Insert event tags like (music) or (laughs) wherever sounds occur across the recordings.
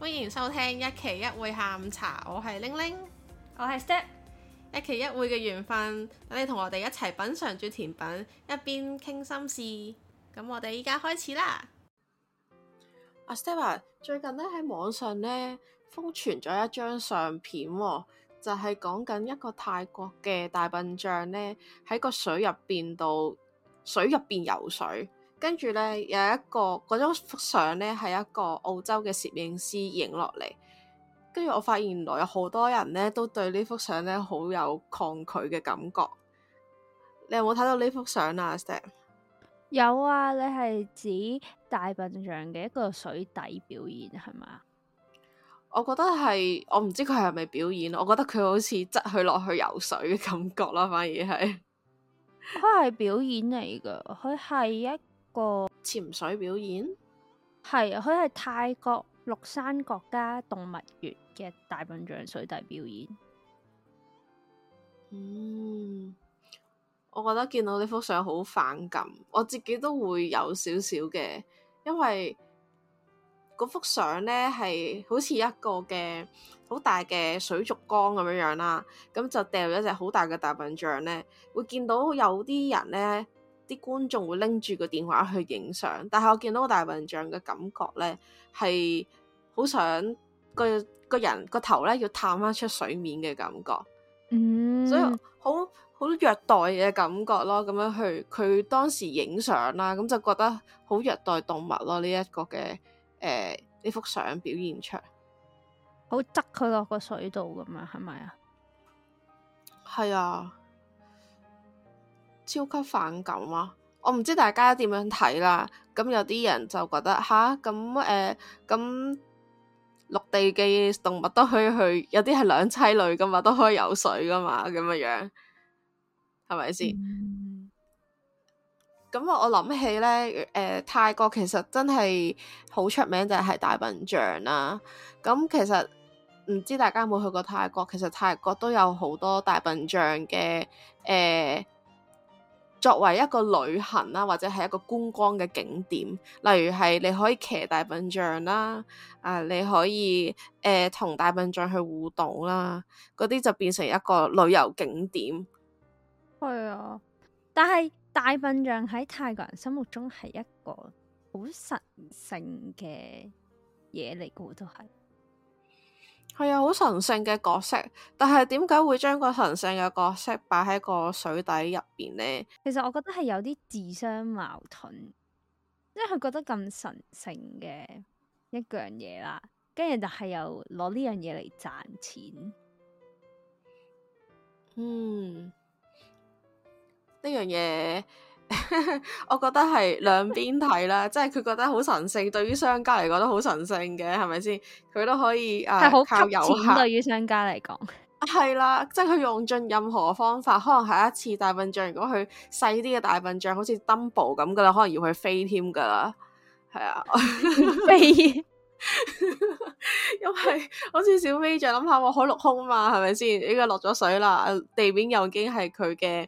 歡迎收聽一期一會下午茶，我係玲玲，我係 Step，一期一會嘅緣分，等你同我哋一齊品嘗住甜品，一邊傾心事。咁我哋依家開始啦。阿 Step 最近呢喺網上呢瘋傳咗一張相片。就係講緊一個泰國嘅大笨象呢喺個水入邊度，水入邊游水，跟住呢，有一個嗰張幅相呢係一個澳洲嘅攝影師影落嚟，跟住我發現來有好多人呢都對呢幅相呢好有抗拒嘅感覺。你有冇睇到呢幅相啊？有啊，你係指大笨象嘅一個水底表演係嘛？我覺得係，我唔知佢係咪表演，我覺得佢好似執佢落去游水嘅感覺啦，反而係佢係表演嚟噶。佢係一個潛水表演，係啊，佢係泰國綠山國家動物園嘅大笨象水底表演。嗯，我覺得見到呢幅相好反感，我自己都會有少少嘅，因為。嗰幅相咧，係好似一個嘅好大嘅水族缸咁樣樣啦。咁就掉咗一隻好大嘅大笨象咧，會見到有啲人咧，啲觀眾會拎住個電話去影相。但係我見到個大笨象嘅感覺咧，係好想個個人個頭咧，要探翻出水面嘅感覺，嗯、所以好好虐待嘅感覺咯。咁樣去佢當時影相啦，咁就覺得好虐待動物咯。呢一,一個嘅。誒，呢幅相表現出好執佢落個水度咁啊，係咪啊？係啊，超級反感啊！我唔知大家點樣睇啦。咁有啲人就覺得吓咁誒，咁陸、呃、地嘅動物都可以去，有啲係兩棲類噶嘛，都可以游水噶嘛，咁嘅樣係咪先？咁、嗯、我諗起咧，誒、呃、泰國其實真係好出名，就係大笨象啦、啊。咁、嗯、其實唔知大家有冇去過泰國，其實泰國都有好多大笨象嘅誒、呃，作為一個旅行啦、啊，或者係一個觀光嘅景點。例如係你可以騎大笨象啦、啊，啊、呃、你可以誒、呃、同大笨象去互動啦、啊，嗰啲就變成一個旅遊景點。係啊、嗯，但係，大笨象喺泰國人心目中係一個好神聖嘅嘢嚟，噶都係，係啊，好神聖嘅角色。但係點解會將個神聖嘅角色擺喺個水底入邊呢？其實我覺得係有啲自相矛盾，即係佢覺得咁神聖嘅一樣嘢啦，跟住就係又攞呢樣嘢嚟賺錢。嗯。呢樣嘢， (laughs) 我覺得係兩邊睇啦，即係佢覺得好神聖，對於商家嚟講都好神聖嘅，係咪先？佢都可以啊，係好吸錢。對於商家嚟講，係啦，即係佢用盡任何方法，可能下一次大笨象，如果佢細啲嘅大笨象，好似 Dumbo 咁噶啦，可能要去飛添噶啦，係、嗯、啊，飛、嗯， (laughs) (laughs) (laughs) (laughs) 因為好似小飛象諗下，我海陸空嘛，係咪先？依家落咗水啦，地面又已經係佢嘅。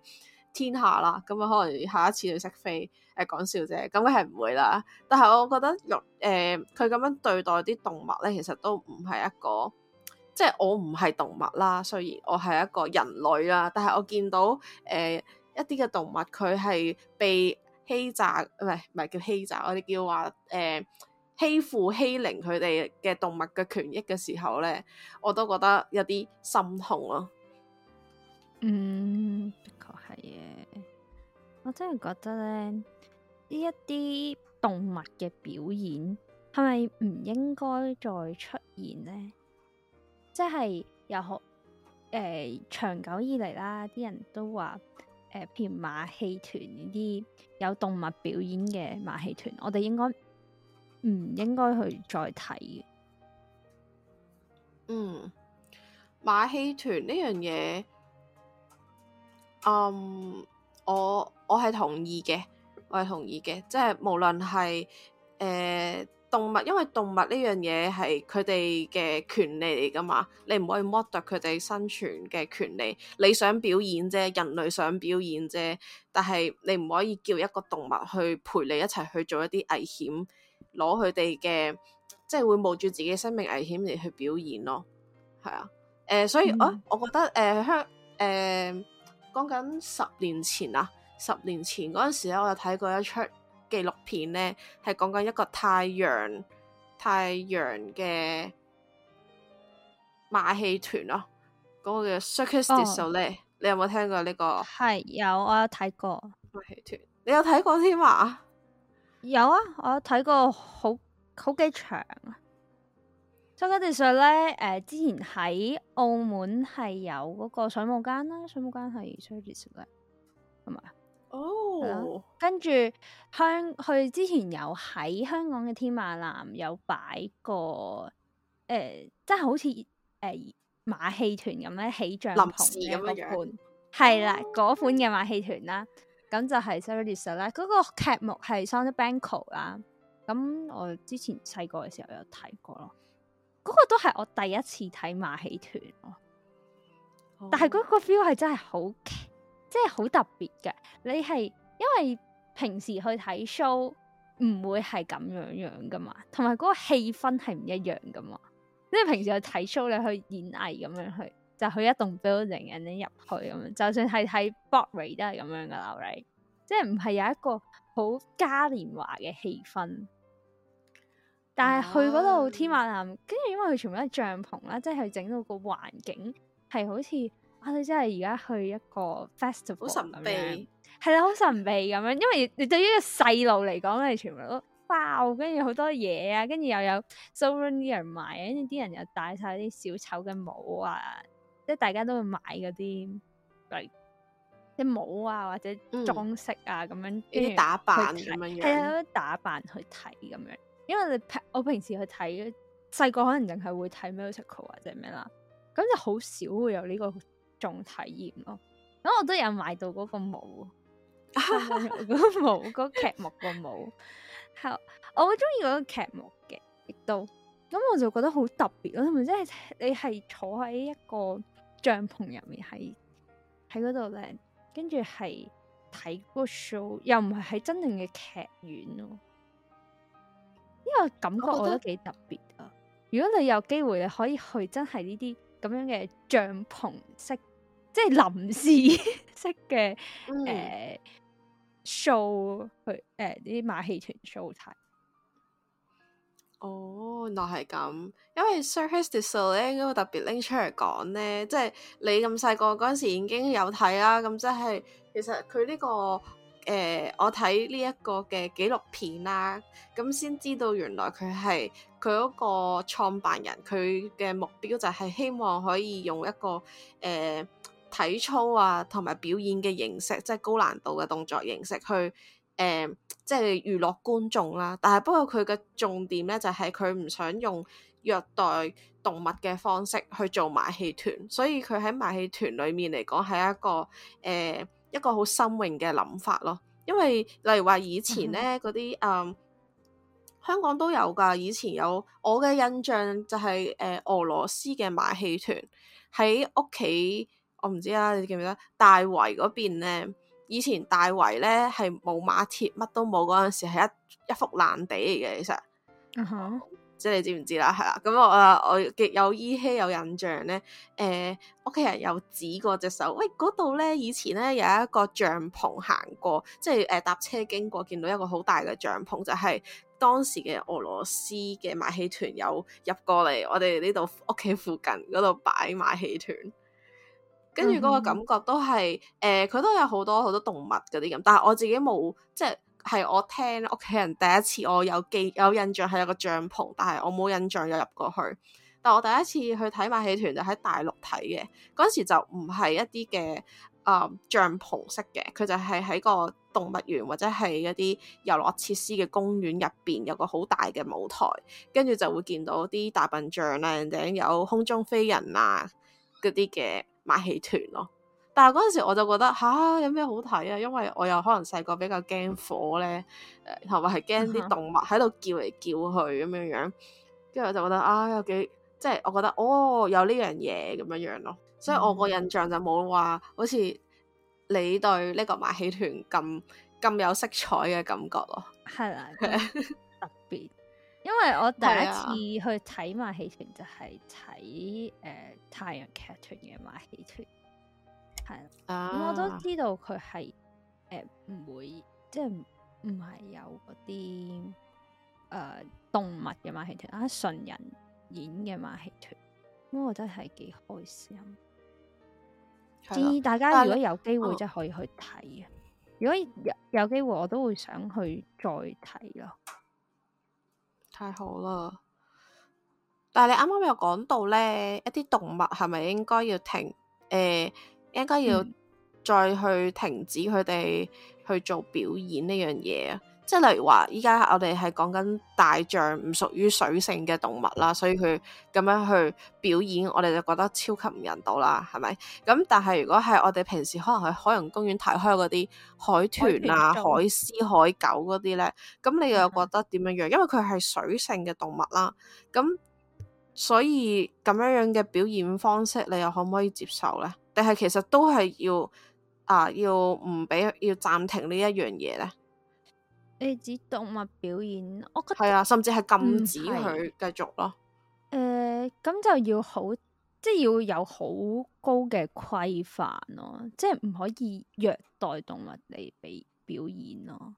天下啦，咁啊，可能下一次要識飛，誒，呃，講笑啫，咁佢係唔會啦。但係我覺得，肉誒佢咁樣對待啲動物咧，其實都唔係一個，即係我唔係動物啦，雖然我係一個人類啦。但係我見到誒，呃，一啲嘅動物，佢係被欺詐，唔係唔係叫欺詐，我哋叫話誒，呃，欺負欺凌佢哋嘅動物嘅權益嘅時候咧，我都覺得有啲心痛咯啊。嗯。係嘅，我真係覺得咧，呢一啲動物嘅表演係咪唔應該再出現呢？即係又好誒，長久以嚟啦，啲人都話誒，呃、譬如馬戲團呢啲有動物表演嘅馬戲團，我哋應該唔應該去再睇？嗯，馬戲團呢樣嘢。嗯、um，我我係同意嘅，我係同意嘅，即係無論係誒動物，因為動物呢樣嘢係佢哋嘅權利嚟噶嘛，你唔可以剝奪佢哋生存嘅權利。你想表演啫，人類想表演啫，但係你唔可以叫一個動物去陪你一齊去做一啲危險，攞佢哋嘅即係會冒住自己嘅生命危險嚟去表演咯。係啊，誒、呃，所以我、嗯啊、我覺得誒、呃、香誒。呃講緊十年前啊，十年前嗰陣時咧、啊，我有睇過一出紀錄片咧，係講緊一個太陽太陽嘅馬戲團咯，嗰、嗰個叫 Cirque du Soleil，哦、你有冇聽過呢、呢個？係有，我有睇過馬戲團，你有睇過添啊？有啊，我有睇過好好幾場。周街店上咧，誒、so uh, 之前喺澳門係有嗰個水舞間啦，水舞間係 service 咧，係咪啊？哦，跟住香佢之前有喺香港嘅天馬南有擺過誒，即、呃、係好似誒、呃、馬戲團咁咧，起帳篷咁嘅樣，係啦，嗰、oh. 款嘅馬戲團啦，咁就係 service 咧，嗰、那個劇目係《Sunday Banko》啦，咁我之前細個嘅時候有睇過咯。嗰個都係我第一次睇馬戲團咯，但係嗰個 feel 係真係好，即係好特別嘅。你係因為平時去睇 show 唔會係咁樣樣噶嘛，同埋嗰個氣氛係唔一樣噶嘛即係平時去睇 show 你去演藝咁樣去，就去一棟 building，然後入去咁樣，就算係睇 Broadway 都係咁樣噶啦，即係唔係有一個好嘉年華嘅氣氛。但係去嗰度、oh. 天馬南，跟住因為佢全部都係帳篷啦，即係佢整到個環境係好似啊！你真係而家去一個 festival 神秘樣，係啦，好神秘咁樣。因為你對於一個細路嚟講，你全部都包，跟住好多嘢啊，跟住又有 so many 人買啊，跟住啲人又戴晒啲小丑嘅帽啊，即係大家都會買嗰啲嗰啲帽啊或者裝飾啊咁、嗯、樣，啲打扮咁係啊，樣打扮去睇咁樣。因為你我平時去睇細個可能淨係會睇 musical 或者咩啦，咁就好少會有呢個種體驗咯。咁我都有買到嗰個帽，個帽嗰個劇目個帽，係我好中意嗰個劇目嘅，亦都咁我就覺得好特別咯。即係你係坐喺一個帳篷入面，喺喺嗰度咧，跟住係睇個 show，又唔係喺真正嘅劇院咯。個感覺我覺得幾特別啊！如果你有機會，你可以去真係呢啲咁樣嘅帳篷式，即係臨時式嘅，誒、嗯呃、show 去誒啲、呃、馬戲團 show 睇。哦，原來係咁。因為 circus show 咧，應該特別拎出嚟講咧，即係你咁細個嗰陣時已經有睇啦。咁即係其實佢呢、這個。誒、呃，我睇呢一個嘅紀錄片啦，咁、啊、先知道原來佢係佢嗰個創辦人，佢嘅目標就係希望可以用一個誒體、呃、操啊，同埋表演嘅形式，即係高難度嘅動作形式去誒、呃，即係娛樂觀眾啦。但係不過佢嘅重點咧，就係佢唔想用虐待動物嘅方式去做馬戲團，所以佢喺馬戲團裡面嚟講係一個誒、呃、一個好新穎嘅諗法咯。因為例如話以前咧，嗰啲嗯香港都有㗎，以前有我嘅印象就係誒俄羅斯嘅馬戲團喺屋企，我唔知啊，你記唔記得大圍嗰邊咧？以前大圍咧係冇馬鐵，乜都冇，嗰陣時係一一幅爛地嚟嘅，其實。Uh huh. 即係你知唔知啦？係啦，咁我我嘅有依稀有印象咧。誒、呃，屋企人有指過隻手，喂嗰度咧，以前咧有一個帳篷行過，即係誒、呃、搭車經過，見到一個好大嘅帳篷，就係、是、當時嘅俄羅斯嘅馬戲團有入過嚟我哋呢度屋企附近嗰度擺馬戲團，跟住嗰個感覺都係誒，佢、嗯呃、都有好多好多動物嗰啲咁，但係我自己冇即係。係我聽屋企人第一次，我有記有印象係有個帳篷，但係我冇印象有入過去。但我第一次去睇馬戲團就喺大陸睇嘅，嗰陣時就唔係一啲嘅啊帳篷式嘅，佢就係喺個動物園或者係一啲遊樂設施嘅公園入邊有個好大嘅舞台，跟住就會見到啲大笨象啦，頂有空中飛人啊嗰啲嘅馬戲團咯。但係嗰陣時我就覺得吓、啊，有咩好睇啊，因為我又可能細個比較驚火咧，誒同埋係驚啲動物喺度叫嚟叫去咁樣樣，跟住、嗯、哼我就覺得啊有幾即係我覺得哦有呢樣嘢咁樣樣咯，所以我個印象就冇話好似你對呢個馬戲團咁咁、嗯、有色彩嘅感覺咯，係啦、那個、特別， (laughs) 因為我第一次去睇馬戲團就係睇誒太陽劇團嘅馬戲團。係咁、嗯，我都知道佢係誒唔會即係唔係有嗰啲誒動物嘅馬戲團啊，純人演嘅馬戲團，咁我覺得係幾開心。建議的大家但如果有機會，即係、哦、可以去睇啊。如果有有機會，我都會想去再睇咯。太好啦！但係你啱啱又講到咧，一啲動物係咪應該要停誒？呃應該要再去停止佢哋去做表演呢樣嘢啊！即係例如話，依家我哋係講緊大象唔屬於水性嘅動物啦，所以佢咁樣去表演，我哋就覺得超級唔人道啦，係咪？咁但係如果係我哋平時可能去海洋公園睇開嗰啲海豚啊、海豚、海獅、海狗嗰啲咧，咁你又覺得點樣樣？嗯、因為佢係水性嘅動物啦，咁所以咁樣樣嘅表演方式，你又可唔可以接受咧？但係其實都係要啊、呃，要唔俾要暫停呢一樣嘢咧？誒、欸，指動物表演，我覺得，係啊，甚至係禁止佢繼續咯。誒，咁、呃、就要好，即係要有好高嘅規範咯，即係唔可以虐待動物嚟俾表演咯。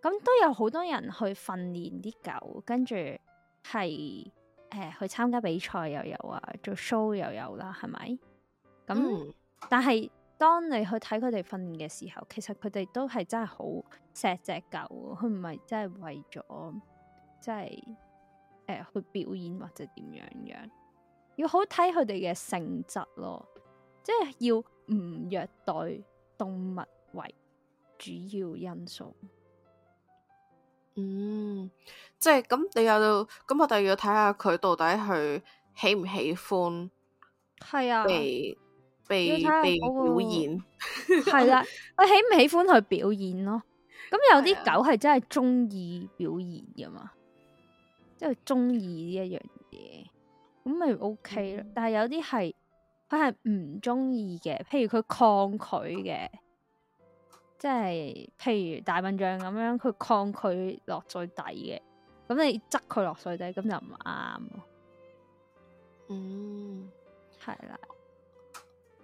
咁都有好多人去訓練啲狗，跟住係誒去參加比賽又有啊，做 show 又有啦、啊，係咪？咁，那嗯、但係當你去睇佢哋訓練嘅時候，其實佢哋都係真係好錫隻狗，佢唔係真係為咗，即係誒去表演或者點樣樣，要好睇佢哋嘅性質咯，即係要唔虐待動物為主要因素。嗯，即係咁，你又要，咁我哋要睇下佢到底佢喜唔喜歡，係啊，嗯被被表演係啦，佢 (laughs) 喜唔喜歡去表演咯？咁有啲狗係真係中意表演噶嘛，的即係中意呢一樣嘢，咁咪 OK 咯。嗯、但係有啲係佢係唔中意嘅，譬如佢抗拒嘅，嗯、即係譬如大笨象咁樣，佢抗拒落水底嘅，咁你執佢落水底，咁就唔啱咯。嗯，係啦。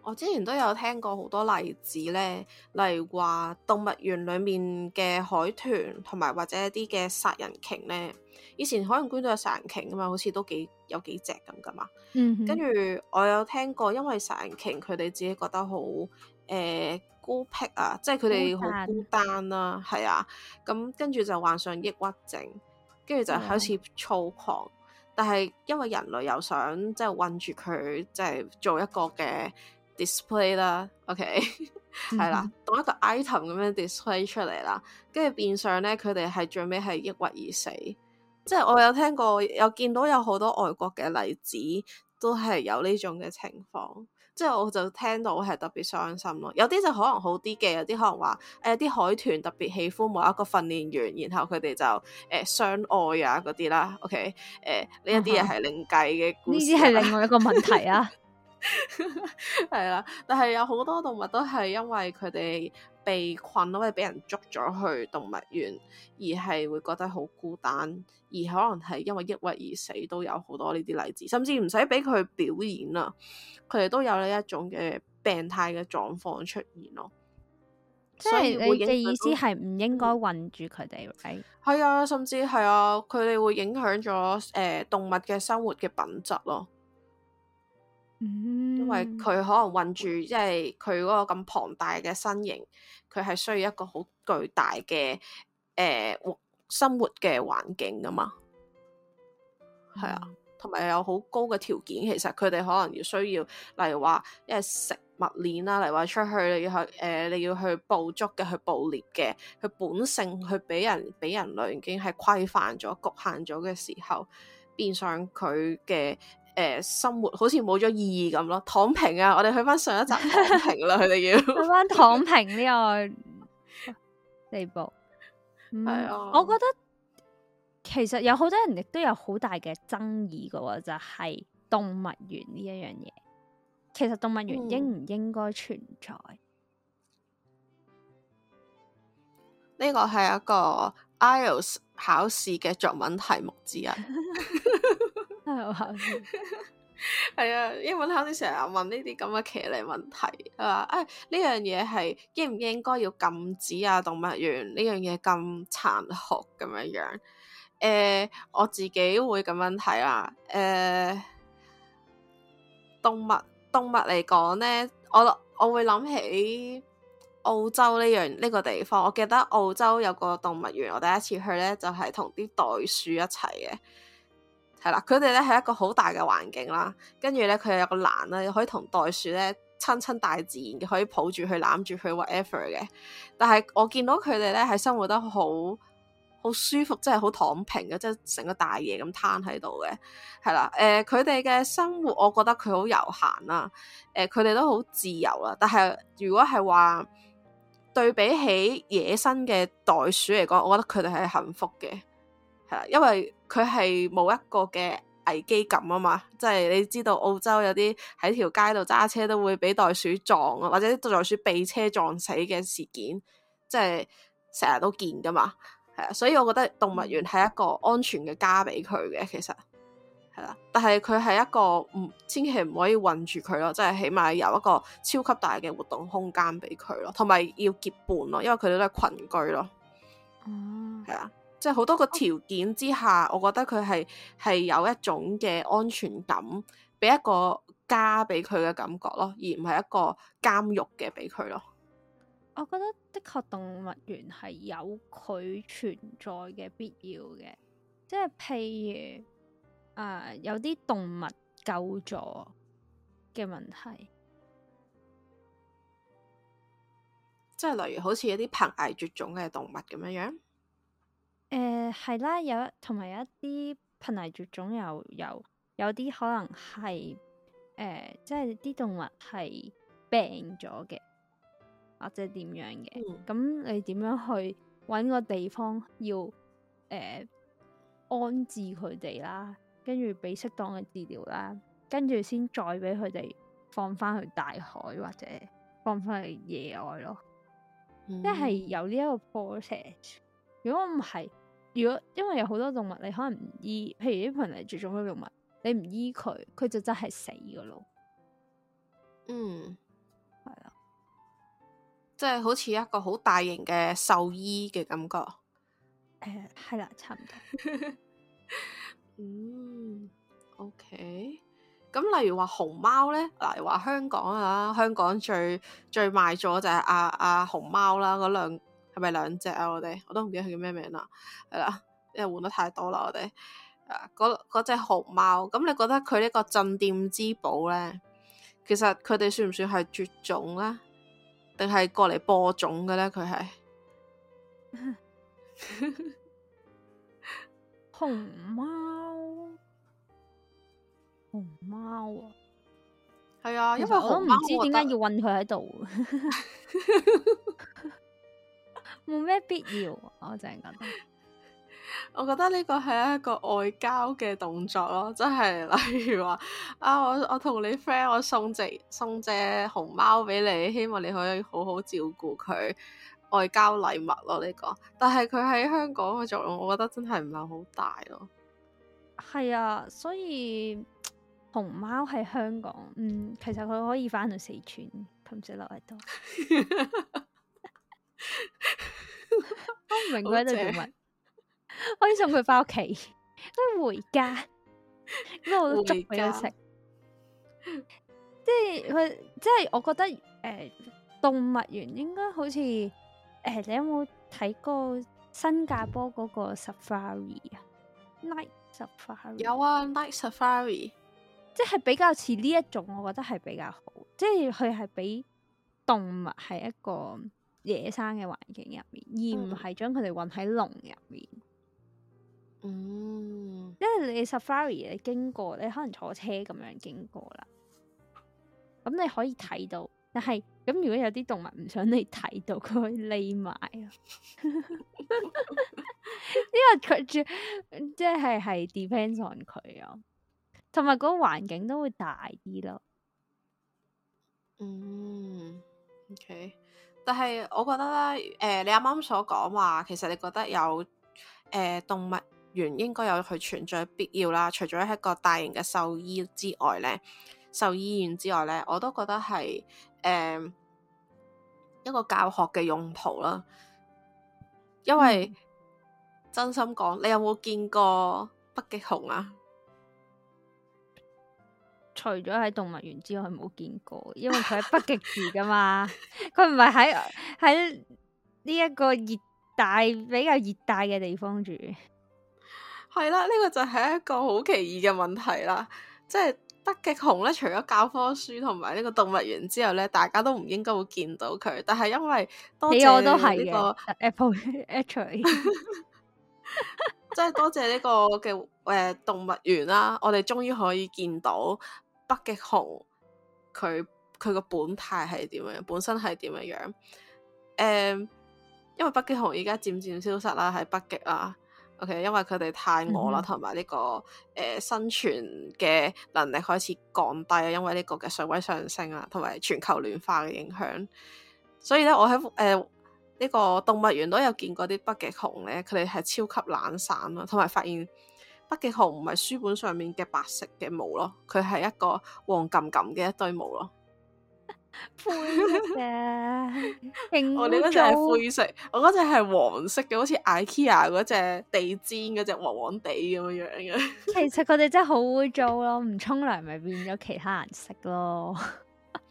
我之前都有聽過好多例子咧，例如話動物園裏面嘅海豚，同埋或者一啲嘅殺人鯨咧。以前海洋館都有殺人鯨噶嘛，好似都幾有幾隻咁噶嘛。嗯、哼跟住我有聽過，因為殺人鯨佢哋自己覺得好誒、欸、孤僻啊，即係佢哋好孤單啦，係啊。咁殺、啊、跟住就患上抑鬱症，跟住就好似躁狂。嗯、哼但係因為人類又想即係、就是、困住佢，即、就、係、是、做一個嘅。display 啦，OK，係 (laughs) 啦，mm hmm. 當一個 item 咁樣 display 出嚟啦，跟住變相咧，佢哋係最尾係抑鬱而死。即係我有聽過，有見到有好多外國嘅例子，都係有呢種嘅情況。即係我就聽到係特別傷心咯。有啲就可能好啲嘅，有啲可能話誒，啲、呃、海豚特別喜歡某一個訓練員，然後佢哋就誒相、呃、愛啊嗰啲啦。OK，誒、呃，呢一啲嘢係另計嘅故事。呢啲係另外一個問題啊。 (laughs) 係啦， (laughs) 但係有好多動物都係因為佢哋被困，或者俾人捉咗去動物園，而係會覺得好孤單，而可能係因為抑鬱而死，都有好多呢啲例子。甚至唔使俾佢表演啊，佢哋都有呢一種嘅病態嘅狀況出現咯。即係是你嘅意思係唔應該困住佢哋？係係啊，甚至係啊，佢哋會影響咗誒動物嘅生活嘅品質咯。因為佢可能困住，即係佢嗰個咁龐大嘅身形，佢係需要一個好巨大嘅誒、呃、生活嘅環境噶嘛。係啊，同埋、嗯、有好高嘅條件，其實佢哋可能要需要，例如話，因為食物鏈啦，例如話出去你要去誒、呃、你要去捕捉嘅，去捕獵嘅，佢本性去俾人俾人類已經係規範咗、局限咗嘅時候，變相佢嘅。誒、呃，生活好似冇咗意義咁咯，躺平啊！我哋去翻上一集躺平啦，佢哋要去翻躺平呢個地步，係、嗯、啊。 (laughs) 我覺得其實有好多人亦都有好大嘅爭議噶，就係、是、動物園呢一樣嘢。其實動物園應唔應該存在？呢個係一個 IELTS 考試嘅作文題目之一。 (laughs) 係啊， (laughs) 英文考試成日問呢啲咁嘅騎呢問題，係嘛？哎、呢樣嘢係應唔應該要禁止啊？動物園呢樣嘢咁殘酷咁樣樣？誒、呃，我自己會咁樣睇啦。誒、呃，動物動物嚟講呢，我我會諗起澳洲呢樣呢個地方。我記得澳洲有個動物園，我第一次去呢，就係同啲袋鼠一齊嘅。係啦，佢哋咧係一個好大嘅環境啦，跟住咧佢有個欄咧，可以同袋鼠咧親親大自然嘅，可以抱住佢攬住佢 whatever 嘅。但係我見到佢哋咧係生活得好好舒服，即係好躺平嘅，即係成個大爺咁攤喺度嘅。係啦，誒、呃，佢哋嘅生活，我覺得佢好悠閒啦，誒、呃，佢哋都好自由啦。但係如果係話對比起野生嘅袋鼠嚟講，我覺得佢哋係幸福嘅，係啦，因為。佢係冇一個嘅危機感啊嘛，即係你知道澳洲有啲喺條街度揸車都會俾袋鼠撞，或者袋鼠被車撞死嘅事件，即係成日都見噶嘛，係啊，所以我覺得動物園係一個安全嘅家俾佢嘅，其實係啦，但係佢係一個唔千祈唔可以困住佢咯，即係起碼有一個超級大嘅活動空間俾佢咯，同埋要結伴咯，因為佢哋都係群居咯，係啊。即係好多個條件之下，啊、我覺得佢係係有一種嘅安全感，俾一個家俾佢嘅感覺咯，而唔係一個監獄嘅俾佢咯。我覺得的確動物園係有佢存在嘅必要嘅，即係譬如誒、啊、有啲動物救助嘅問題，即係例如好似一啲瀕危絕種嘅動物咁樣樣。誒係、呃、啦，有同埋有一啲瀕危絕種，又有有啲可能係誒、呃，即係啲動物係病咗嘅，或者點樣嘅。咁、嗯、你點樣去搵個地方要誒、呃、安置佢哋啦，跟住俾適當嘅治療啦，跟住先再俾佢哋放翻去大海或者放翻去野外咯。嗯、即係有呢一個 process 不不。如果唔係，如果因為有好多動物，你可能唔醫，譬如呢盆嚟，最重要動物，你唔醫佢，佢就真係死噶咯。嗯，係啦，即係好似一個好大型嘅獸醫嘅感覺。誒、呃，係啦，差唔多。 (laughs) (laughs) 嗯，OK。咁例如話熊貓咧，嗱，話香港啊，香港最最賣咗就係阿阿熊貓啦，嗰兩。係咪兩隻啊？我哋我都唔記得佢叫咩名啦，係啦，因為換得太多啦，我哋啊，嗰嗰隻熊貓，咁你覺得佢呢個鎮店之寶咧，其實佢哋算唔算係絕種咧？定係過嚟播種嘅咧？佢係 (laughs) 熊貓，熊貓啊，係啊，因為好唔其實 知點解要混佢喺度。 (laughs) (laughs) 冇咩必要，我淨係覺得， (laughs) 我覺得呢個係一個外交嘅動作咯，即係例如話啊，我我同你 friend，我送隻送隻熊貓俾你，希望你可以好好照顧佢，外交禮物咯呢個。但係佢喺香港嘅作用，我覺得真係唔係好大咯。係啊，所以熊貓喺香港，嗯，其實佢可以翻到四川，佢唔使留喺度。 (laughs) (laughs) 明佢喺度可以送佢翻屋企，可 (laughs) 以回家，因咁我都捉佢食。即係佢，即係我覺得誒、呃，動物園應該好似誒、呃，你有冇睇過新加坡嗰個 Safari 啊？Night Safari？有啊，Night Safari 即係比較似呢一種，我覺得係比較好。即係佢係俾動物係一個。野生嘅環境入面，而唔係將佢哋韞喺籠入面。嗯，因為你 Safari 你經過，你可能坐車咁樣經過啦，咁你可以睇到。但係咁，如果有啲動物唔想你睇到，佢可以匿埋。因為佢住，即係係 depends on 佢啊，同埋嗰個環境都會大啲咯。但係，我覺得咧，誒、呃，你啱啱所講話，其實你覺得有誒、呃、動物園應該有佢存在必要啦。除咗一個大型嘅獸醫之外咧，獸醫院之外咧，我都覺得係誒、呃、一個教學嘅用途啦。因為、嗯、真心講，你有冇見過北極熊啊？除咗喺動物園之外，冇見過，因為佢喺北極住噶嘛，佢唔係喺喺呢一個熱帶比較熱帶嘅地方住。係啦，呢、這個就係一個好奇異嘅問題啦。即係北極熊咧，除咗教科書同埋呢個動物園之後咧，大家都唔應該會見到佢。但係因為謝謝、這個、 (laughs) (laughs) (laughs) 多謝呢個 a p p l e a c t u a y 即係多謝呢個嘅誒動物園啦，我哋終於可以見到。北極熊佢佢個本態係點樣？本身係點樣樣？誒、嗯，因為北極熊而家漸漸消失啦，喺北極啦。OK，因為佢哋太餓啦，同埋呢個誒、呃、生存嘅能力開始降低啊。因為呢個嘅水位上升啊，同埋全球暖化嘅影響。所以咧，我喺誒呢個動物園都有見過啲北極熊咧，佢哋係超級懶散啦，同埋發現。北極熊唔係書本上面嘅白色嘅毛咯，佢係一個黃冚冚嘅一堆毛咯。 (laughs) 灰，色 (laughs) 髒灰色，我哋嗰隻係灰色，我嗰隻係黃色嘅，好似 IKEA 嗰隻地氈嗰隻黃黃地咁樣樣嘅。 (laughs) 其實佢哋真係好會做咯，唔沖涼咪變咗其他顏色咯。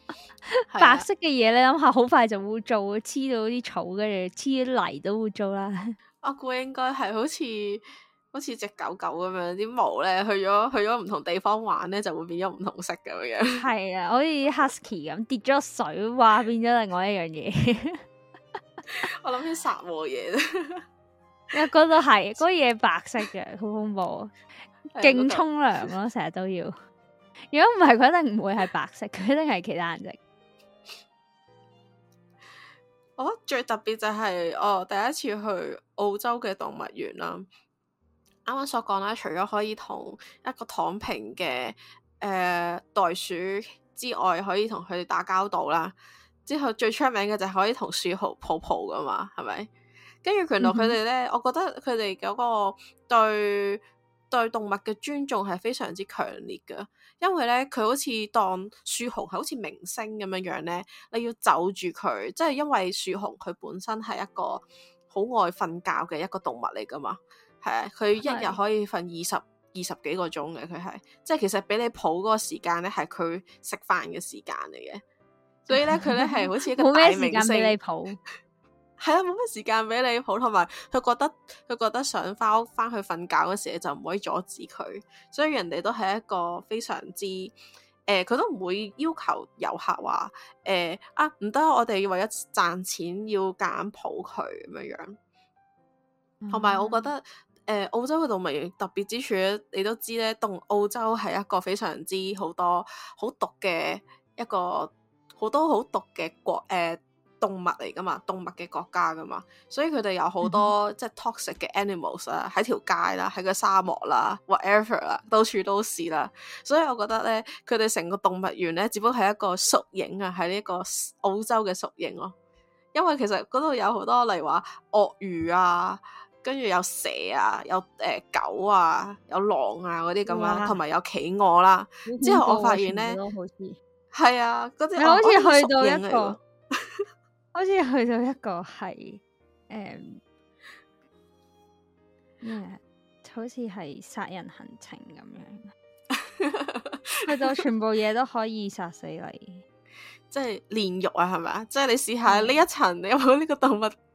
(laughs) 白色嘅嘢你諗下好快就污糟，黐到啲草跟住黐啲泥都污糟啦。我 (laughs) 估應該係好似。好似隻狗狗咁樣，啲毛咧去咗去咗唔同地方玩咧，就會變咗唔同色咁樣，樣。係啊，好似 husky 咁跌咗水，哇變咗另外一樣嘢。 (laughs) 我諗起薩摩耶啦。啊， (laughs) 嗰度係嗰嘢白色嘅，好恐怖，勁沖涼咯，成日裡都要。如果唔係，佢一定唔會係白色，佢一定係其他顏色。我覺得、哦、最特別就係、是、哦，第一次去澳洲嘅動物園啦。啱啱所講啦，除咗可以同一個躺平嘅誒、呃、袋鼠之外，可以同佢哋打交道啦。之後最出名嘅就係可以同樹熊抱抱噶嘛，係咪？跟住強度佢哋咧，嗯、哼我覺得佢哋嗰個對對動物嘅尊重係非常之強烈噶，因為咧佢好似當樹熊係好似明星咁樣樣咧，你要走住佢，即係因為樹熊佢本身係一個好愛瞓覺嘅一個動物嚟噶嘛。係啊，佢一日可以瞓二十二十幾個鐘嘅，佢係，即係其實俾你抱嗰個時間咧，係佢食飯嘅時間嚟嘅。所以咧，佢咧係好似一個大明星，冇咩 (laughs) 時間俾你抱，係 (laughs) 啊，冇咩時間俾你抱，同埋佢覺得佢覺得想翻屋翻去瞓覺嗰時咧，就唔可以阻止佢。所以人哋都係一個非常之誒，佢、呃、都唔會要求遊客話誒、呃、啊唔得，我哋為咗賺錢要夾硬抱佢咁樣樣。同埋、嗯、我覺得。呃、澳洲嘅動物園特別之處咧？你都知咧，棟澳洲係一個非常之好多好毒嘅一個好多好毒嘅國誒、呃、動物嚟噶嘛，動物嘅國家噶嘛，所以佢哋有好多、嗯、哼即係 toxic 嘅 animals 啊，喺條街啦，喺個沙漠啦，whatever 啦，到處都是啦。所以我覺得咧，佢哋成個動物園咧，只不過係一個縮影啊，喺呢個澳洲嘅縮影咯。因為其實嗰度有好多例如話鱷魚啊。跟住有蛇啊，有誒、呃、狗啊，有狼啊嗰啲咁樣，同埋、啊、有，有企鵝啦。嗯、之後我發現咧，好似係啊，好似去到一個， (laughs) 好似去到一個係誒，因、嗯 (laughs) 嗯、好似係殺人行程咁樣， (laughs) 去到全部嘢都可以殺死你，即係煉獄啊，係咪啊？即、就、係、是、你試下呢一層，你有冇呢個動物？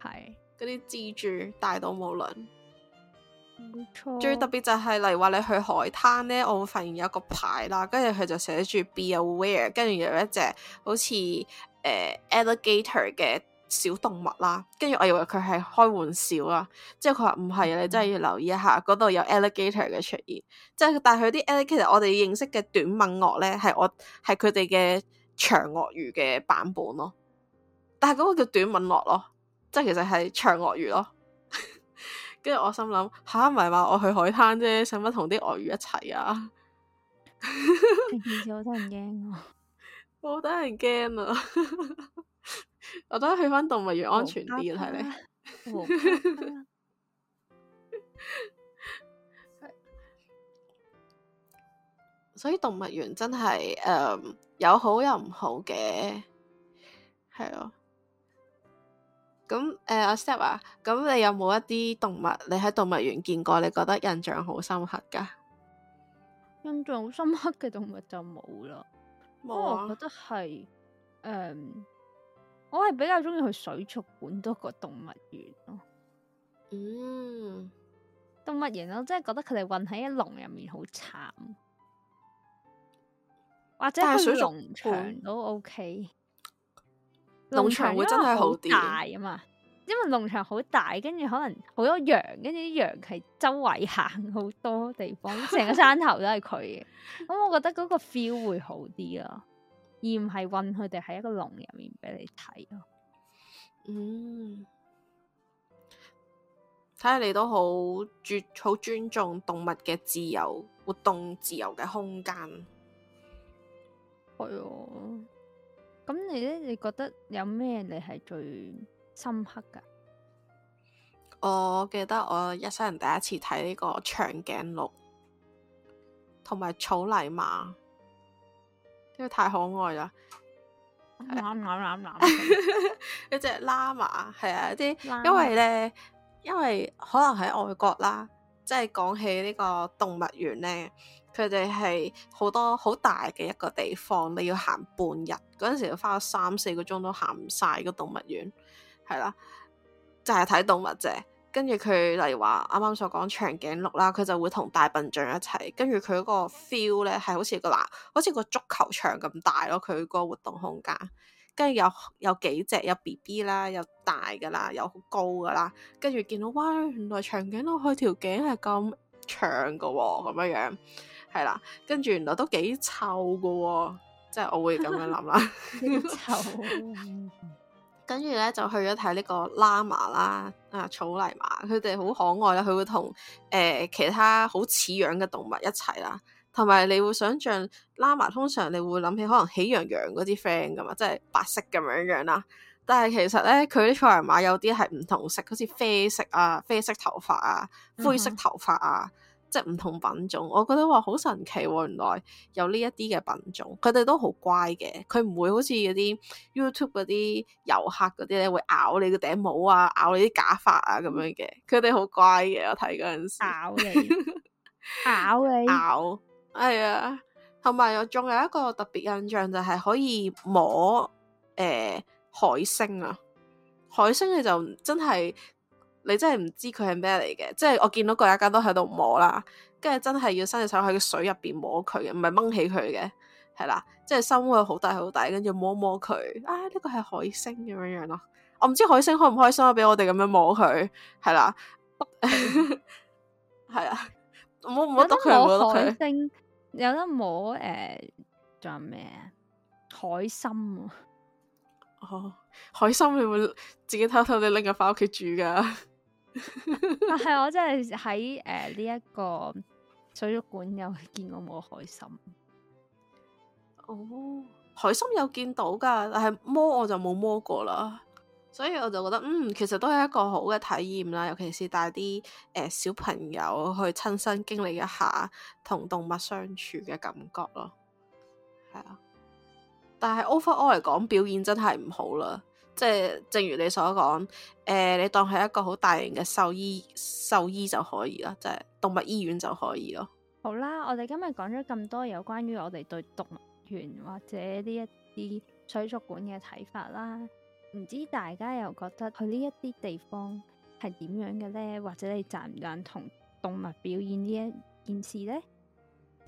係嗰啲支柱，大到冇輪，冇錯。最特別就係、是、例如話你去海灘咧，我會發現有一個牌啦，跟住佢就寫住 Be aware，跟住有一隻好似誒、呃、alligator 嘅小動物啦，跟住我以為佢係開玩笑啦，即係佢話唔係，你真係要留意一下嗰度、嗯、有 alligator 嘅出現。即係但係佢啲 alligator，我哋認識嘅短吻鱷咧，係我係佢哋嘅長鱷魚嘅版本咯，但係嗰個叫短吻鱷咯。即係其實係長鱷魚咯，跟 (laughs) 住我心諗吓，唔係話我去海灘啫，使乜同啲鱷魚一齊啊？件事好得人驚，好得人驚啊！ (laughs) 我覺得去翻動物園安全啲啊，係是你。 (laughs) (laughs) 所以動物園真係誒，um, 有好有唔好嘅，係咯。咁誒，阿、呃、Sir 啊，咁你有冇一啲動物你喺動物園見過，你覺得印象好深刻㗎？印象好深刻嘅動物就冇啦，不過、啊、我覺得係誒、嗯，我係比較鍾意去水族館多過動物園咯。嗯，動物園我真係覺得佢哋困喺一籠入面好慘，或者去水族館都 OK。農場真係好大啊嘛，農，因為農場好大，跟住可能好多羊，跟住啲羊係周圍行好多地方，成個山頭都係佢嘅。咁 (laughs) 我覺得嗰個 feel 會好啲咯，而唔係運佢哋喺一個籠入面俾你睇咯，啊。嗯，睇嚟，你都好尊好尊重動物嘅自由活動、自由嘅空間。係啊，嗯。咁你咧？你覺得有咩你係最深刻噶？我記得我一生人第一次睇呢個長頸鹿，同埋草泥馬，因為太可愛啦。啱啱啱啱，有隻 (laughs) 喇嘛係啊，啲嘛因為咧，因為可能喺外國啦，即係講起呢個動物園咧。佢哋係好多好大嘅一個地方，你要行半日嗰陣時，要花咗三四個鐘都行唔晒個動物園，係啦，就係睇動物啫。跟住佢例如話啱啱所講長頸鹿啦，佢就會同大笨象一齊。跟住佢嗰個 feel 咧係好似個嗱，好似個足球場咁大咯，佢個活動空間。跟住有有幾隻有 B B 啦，有大噶啦，有好高噶啦。跟住見到哇，原來長頸鹿佢條頸係咁長噶喎，咁樣樣。係啦，跟住原來都幾臭噶喎，哦，即係我會咁樣諗啦。 (laughs) 臭的，跟住咧就去咗睇呢個喇嘛啦，啊，草泥馬佢哋好可愛啦，佢會同誒，呃、其他好似樣嘅動物一齊啦，同埋你會想象喇嘛通常你會諗起可能喜羊羊嗰啲 friend 噶嘛，即係白色咁樣樣啦，但係其實咧佢啲草泥馬有啲係唔同色，好似啡色啊，啡色頭髮啊，灰色頭髮啊。嗯即係唔同品種，我覺得話好神奇喎、啊，原來有呢一啲嘅品種，佢哋都好乖嘅，佢唔會好似嗰啲 YouTube 嗰啲遊客嗰啲咧會咬你個頂帽啊，咬你啲假髮啊咁樣嘅，佢哋好乖嘅。我睇嗰陣時咬你，咬你， (laughs) 咬，係、哎、啊。同埋我仲有一個特別印象就係可以摸誒、呃、海星啊，海星你就真係。你真係唔知佢係咩嚟嘅，即係我見到嗰一家都喺度摸啦，跟住真係要伸隻手喺個水入邊摸佢嘅，唔係掹起佢嘅，係啦，即係心會好大好大，跟住摸摸佢，啊呢個係海星咁樣樣咯，我唔知海星開唔開心啊，俾我哋咁樣摸佢，係啦，係啊， (laughs) 我唔得佢摸海星，它有得摸誒，仲、呃、有咩海參，哦，海參你會自己偷偷哋拎入翻屋企煮噶？最多話但係，我真係喺誒呢一個水族館、oh, 有見過冇？海參。海參有見到噶，但係摸我就冇摸過啦。所以我就覺得，嗯，其實都係一個好嘅體驗啦，尤其是帶啲誒小朋友去親身經歷一下同動物相處嘅感覺咯。係啊，但係 overall 嚟講，表演真係唔好啦。即係正如你所講，誒、呃，你當係一個好大型嘅獸醫，獸醫就可以啦，即係動物醫院就可以咯。好啦，我哋今日講咗咁多有關於我哋對動物園或者呢一啲水族館嘅睇法啦，唔知大家又覺得佢呢一啲地方係點樣嘅呢？或者你贊唔贊同動物表演呢一件事呢？